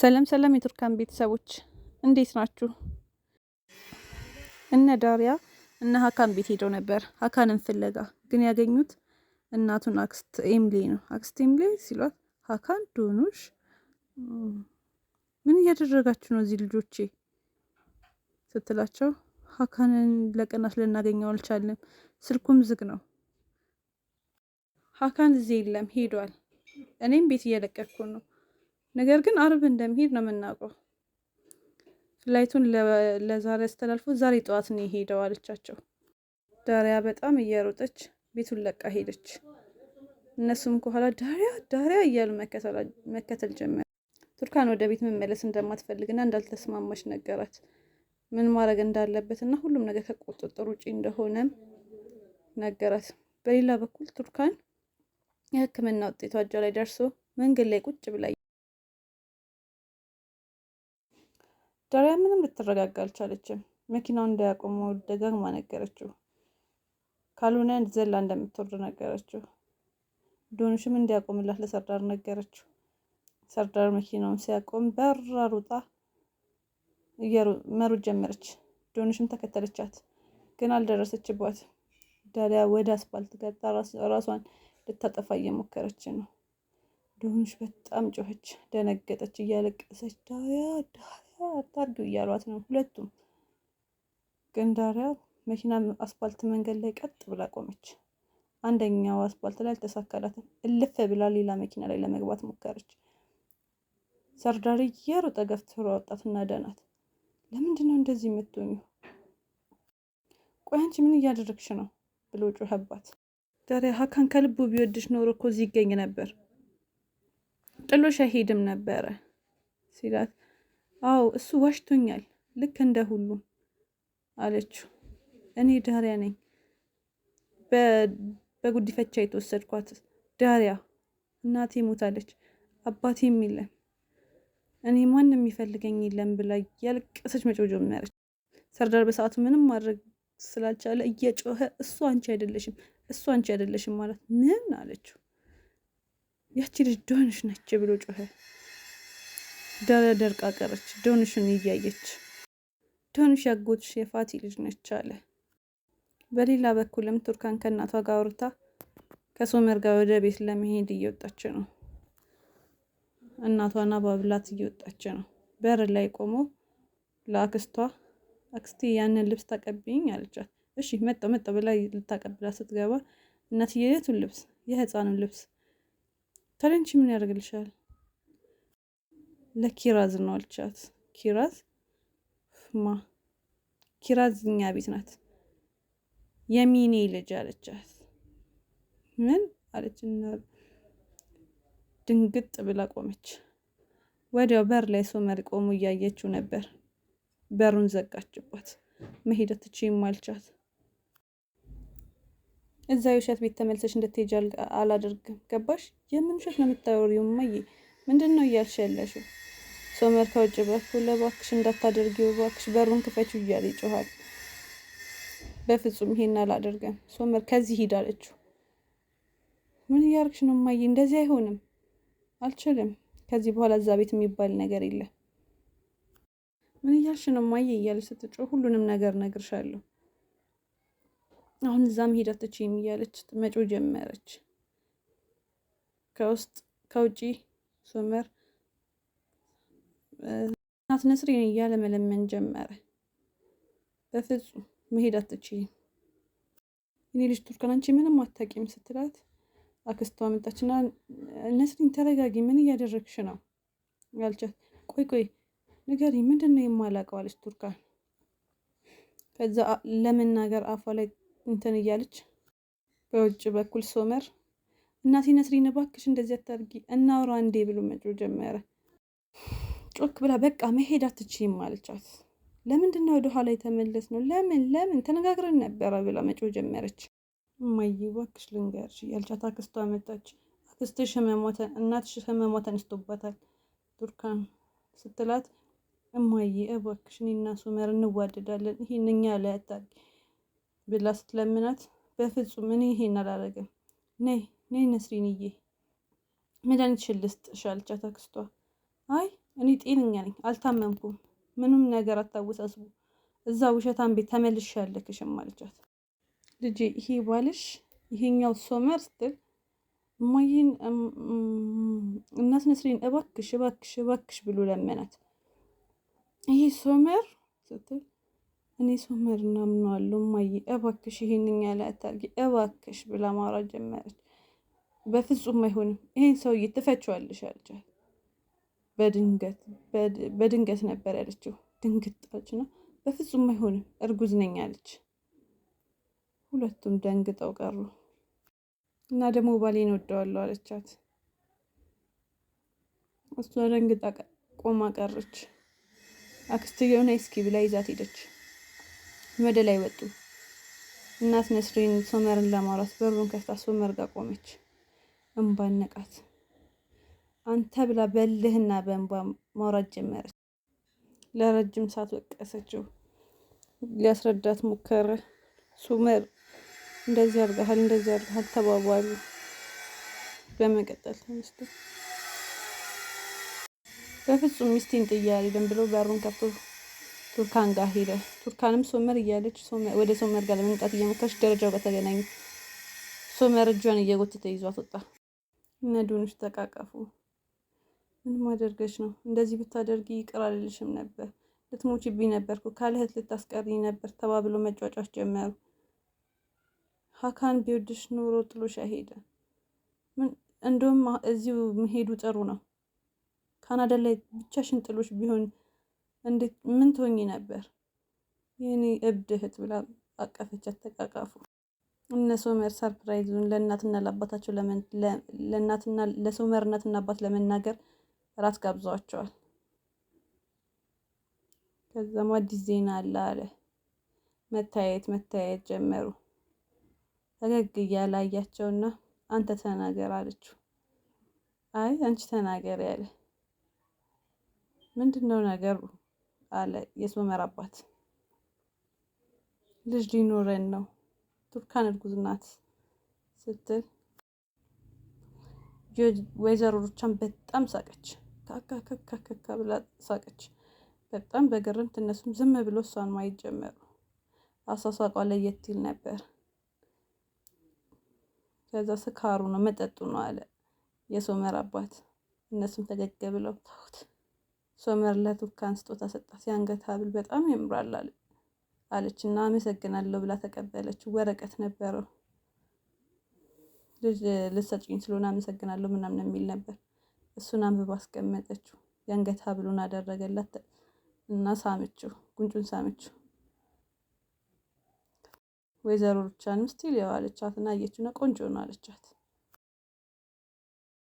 ሰላም ሰላም የቱርካን ቤተሰቦች እንዴት ናችሁ? እነ ዳሪያ እነ ሀካን ቤት ሄደው ነበር ሀካንን ፍለጋ። ግን ያገኙት እናቱን አክስት ኤምሌ ነው። አክስት ኤምሌ ሲሏት ሀካን ዶኑሽ፣ ምን እያደረጋችሁ ነው እዚህ ልጆቼ ስትላቸው ሀካንን ለቀናት ልናገኘው አልቻለም፣ ስልኩም ዝግ ነው። ሀካን እዚህ የለም ሄዷል። እኔም ቤት እየለቀቅኩ ነው ነገር ግን አርብ እንደሚሄድ ነው የምናውቀው። ፍላይቱን ለዛሬ አስተላልፎ ዛሬ ጠዋት ነው የሄደው አለቻቸው። ዳሪያ በጣም እየሮጠች ቤቱን ለቃ ሄደች። እነሱም ከኋላ ዳሪያ ዳሪያ እያሉ መከተል ጀመረ። ቱርካን ወደ ቤት መመለስ እንደማትፈልግና እንዳልተስማማች ነገራት። ምን ማድረግ እንዳለበት እና ሁሉም ነገር ከቁጥጥር ውጪ እንደሆነም ነገራት። በሌላ በኩል ቱርካን የሕክምና ውጤቷ እጇ ላይ ደርሶ መንገድ ላይ ቁጭ ብላ ዳሪያ ምንም ልትረጋጋ አልቻለችም። መኪናውን እንዳያቆመው ደጋግማ ነገረችው። ካልሆነ ዘላ እንደምትወርድ ነገረችው። ዶንሽም እንዲያቆምላት ለሰርዳር ነገረችው። ሰርዳር መኪናውን ሲያቆም በራ ሩጣ መሮጥ ጀመረች። ዶንሽም ተከተለቻት፣ ግን አልደረሰችባት። ዳሊያ ወደ አስፋልት ገጣ ራሷን ልታጠፋ እየሞከረች ነው። ዶንሽ በጣም ጮኸች፣ ደነገጠች፣ እያለቀሰች ዳሪያ ዳሊያ አታርጊ እያሏት ነው ሁለቱም። ዳሪያ መኪና አስፋልት መንገድ ላይ ቀጥ ብላ ቆመች። አንደኛው አስፋልት ላይ አልተሳካላትም። እልፍ ብላ ሌላ መኪና ላይ ለመግባት ሞከረች። ሰርዳሪ እየሮጠ ገፍትሮ ወጣትና ደናት። ለምንድን ነው እንደዚህ የምትሆኙ? ቆይ አንቺ ምን እያደረግሽ ነው ብሎ ጮኸባት። ዳሪያ ሀካን ከልቡ ቢወድሽ ኖሮ እኮ እዚህ ይገኝ ነበር ጥሎሽ አይሄድም ነበረ ሲላት አዎ እሱ ዋሽቶኛል፣ ልክ እንደ ሁሉም አለችው። እኔ ዳሪያ ነኝ፣ በጉዲፈቻ የተወሰድኳት ዳሪያ። እናቴ ሞታለች፣ አባቴም የለም፣ እኔ ማንም የሚፈልገኝ የለም ብላ እያለቀሰች መጮህ ጀመረች። ሰርዳር በሰዓቱ ምንም ማድረግ ስላልቻለ እየጮኸ እሱ አንቺ አይደለሽም፣ እሱ አንቺ አይደለሽም ማለት ምን አለችው። ያቺ ልጅ ዶንሽ ነች ብሎ ጮኸ። ደረደርቃ ቀረች። ዶንሽን እያየች ዶንሽ ያጎትሽ የፋቲ ልጅ ነች አለ። በሌላ በኩልም ቱርካን ከእናቷ ጋር አውርታ ከሶመር ጋር ወደ ቤት ለመሄድ እየወጣች ነው። እናቷና ባብላት እየወጣች ነው። በር ላይ ቆሞ ለአክስቷ አክስቴ ያንን ልብስ ታቀብኝ አለቻት። እሺ መጣ መጣ ብላ ልታቀብላ ስትገባ እናትዬ የቱን ልብስ? የህፃኑን ልብስ። ታዲያ ምን ያደርግልሻል? ለኪራዝ ነው አልቻት። ኪራዝ ማ ኪራዝ እኛ ቤት ናት የሚኔ ልጅ አለቻት። ምን አለች? ድንግጥ ብላ ቆመች። ወዲያው በር ላይ ሶመር ቆሞ እያየችው ነበር። በሩን ዘጋችባት። መሄድ አትችይም አልቻት። እዛ የውሸት ቤት ተመልሰሽ እንድትሄጂ አላደርግም። ገባሽ? የምን ውሸት ነው የምታወሪው? እማዬ ምንድን ነው እያልሽ ያለሽው? ሶመር ከውጭ በኩል እባክሽ እንዳታደርጊው እባክሽ በሩን ክፈችው እያለ ይጮኋል። በፍጹም ይሄን አላደርገም። ሶመር ከዚህ ሂድ አለችው። ምን እያርግሽ ነው ማየ እንደዚህ አይሆንም፣ አልችልም። ከዚህ በኋላ እዛ ቤት የሚባል ነገር የለም። ምን እያልሽ ነው ማየ እያለች ስትጮ ሁሉንም ነገር ነግርሻለሁ፣ አሁን እዛ መሄድ አትችይም እያለች ጀመረች ከውስጥ ከውጪ ሶመር እናት ነስሪን እያለ መለመን ጀመረ። በፍጹም መሄድ አትችይም፣ እኔ ልጅ ቱርካን አንቺ ምንም አታውቂም ስትላት አክስቷ መጣችና ነስሪን ተረጋጊ፣ ምን እያደረግሽ ነው ያልቻት። ቆይ ቆይ ንገሪኝ፣ ምንድን ነው የማላውቀው አለች ቱርካን። ከዛ ለመናገር አፏ ላይ እንትን እያለች በውጭ በኩል ሶመር እናቴ ነስሪን እባክሽ እንደዚህ አታድርጊ፣ እናውራ እንዴ ብሎ መጮ ጀመረ። ጮክ ብላ በቃ መሄድ አትችይም አለቻት። ለምንድን ነው ኋላ የተመለስ ነው? ለምን ለምን ተነጋግረን ነበረ ብላ መጮ ጀመረች። እማዬ እባክሽ ልንገርሽ ያልቻት አክስቷ መጣች። አክስትሽ ህመሞተን እናትሽ ህመሞተን እስቶባታል ቱርካን ስትላት እማዬ እባክሽ እኔና ሱመር እንዋደዳለን ይሄን እኛ ላይ አታድርጊ ብላ ስትለምናት በፍጹም እኔ ይሄን አላደርግም ነይ ነይ ነስሪንዬ መድኃኒትሽን ልስጥሽ አለቻት ተክስቷ አይ እኔ ጤነኛ ነኝ አልታመምኩም፣ ምንም ነገር አታወሳስቡ፣ እዛ ውሸታም ቤት ተመልሽ ያለክሽም አለቻት። ልጄ ይሄ ባልሽ ይሄኛው ሶመር ስትል እማዬን እናት ነስሪን እባክሽ እባክሽ እባክሽ ብሎ ለመናት። ይሄ ሶመር ስትል እኔ ሶመር እናምነዋለሁ እማዬ እባክሽ ይሄንኛ ላይ አታርጊ እባክሽ ብላ ማውራት ጀመረች። በፍጹም አይሆንም፣ ይሄን ሰውዬ ትፈችዋለሽ አለቻት። በድንገት በድንገት ነበር ያለችው። ድንግጣች ነው። በፍጹም አይሆንም እርጉዝ ነኝ አለች። ሁለቱም ደንግጠው ቀሩ እና ደግሞ ባሌን ወደዋለሁ አለቻት። እሷ ደንግጣ ቆማ ቀረች። አክስትየው ነይ እስኪ ብላ ይዛት ሄደች። ወደ ላይ ወጡ። እናት ነስሪን ሶመርን ለማውራት በሩን ከፍታ ሶመር ጋር ቆመች። እንባን ነቃት። አንተ ብላ በልህና በእንባ ማውራት ጀመረች። ለረጅም ሰዓት ወቀሰችው። ሊያስረዳት ሞከረ። ሱመር እንደዚህ አድርገሃል፣ እንደዚህ አድርገሃል ተባባሉ። በመቀጠል ሚስቱ በፍጹም ሚስቴን ጥያሪ ደም ብሎ በሩን ከፍቶ ቱርካን ጋር ሄደ። ቱርካንም ሶመር እያለች ወደ ሶመር ጋር ለመምጣት እየሞከረች ደረጃው ጋር ተገናኙ። ሶመር እጇን እየጎተተ ይዟት ወጣ። እነ ዶኖች ተቃቀፉ። ምን ማደርገሽ ነው? እንደዚህ ብታደርጊ ይቅር አልልሽም ነበር፣ ልትሞችብኝ ነበርኩ፣ ካልህት ልታስቀሪኝ ነበር ተባብሎ መጫጫት ጀመሩ። ሀካን ቢወድሽ ኖሮ ጥሎሽ ሄደ። እንደውም እዚሁ መሄዱ ጥሩ ነው። ካናዳ ላይ ብቻሽን ጥሎሽ ቢሆን እንዴት ምን ትሆኚ ነበር? የኔ እብድ እህት ብላ አቀፈቻት። ተቃቃፉ። እነ ሶመር ሰርፕራይዙን ለእናትና ለአባታቸው ለእናትና ለሶመር እናትና አባት ለመናገር እራት ጋብዘዋቸዋል። ከዛም አዲስ ዜና አለ አለ መታየት መታየት ጀመሩ። ፈገግ እያለ አያቸውና አንተ ተናገር አለችው። አይ አንቺ ተናገር ያለ ምንድን ነው ነገሩ አለ የሶመር አባት። ልጅ ሊኖረን ነው ቱርካን እርጉዝ ናት ስትል ወይዘሮ ሩቻን በጣም ሳቀች። ካካካካካ ብላ ሳቀች። በጣም በግርምት እነሱም ዝም ብሎ እሷን ማየት ጀመሩ። አሳሳቋ ለየት ይል ነበር። ከዛ ስካሩ ነው መጠጡ ነው አለ የሶመር አባት። እነሱም ፈገግ ብለው ታሁት ሶመር ለቱርካን ስጦታ ሰጣት። የአንገት ሀብል በጣም ያምራል አለ አለች እና አመሰግናለሁ ብላ ተቀበለች። ወረቀት ነበረው ልጅ ልሰጭኝ ስለሆነ አመሰግናለሁ ምናምን የሚል ነበር። እሱን አንብባ አስቀመጠችው። የአንገት ሀብሉን አደረገላት እና ሳመችው፣ ጉንጩን ሳመችው። ወይዘሮ ሩቻንም ስቲል ያው አለቻት እና አየችው እና ቆንጆ ነው አለቻት።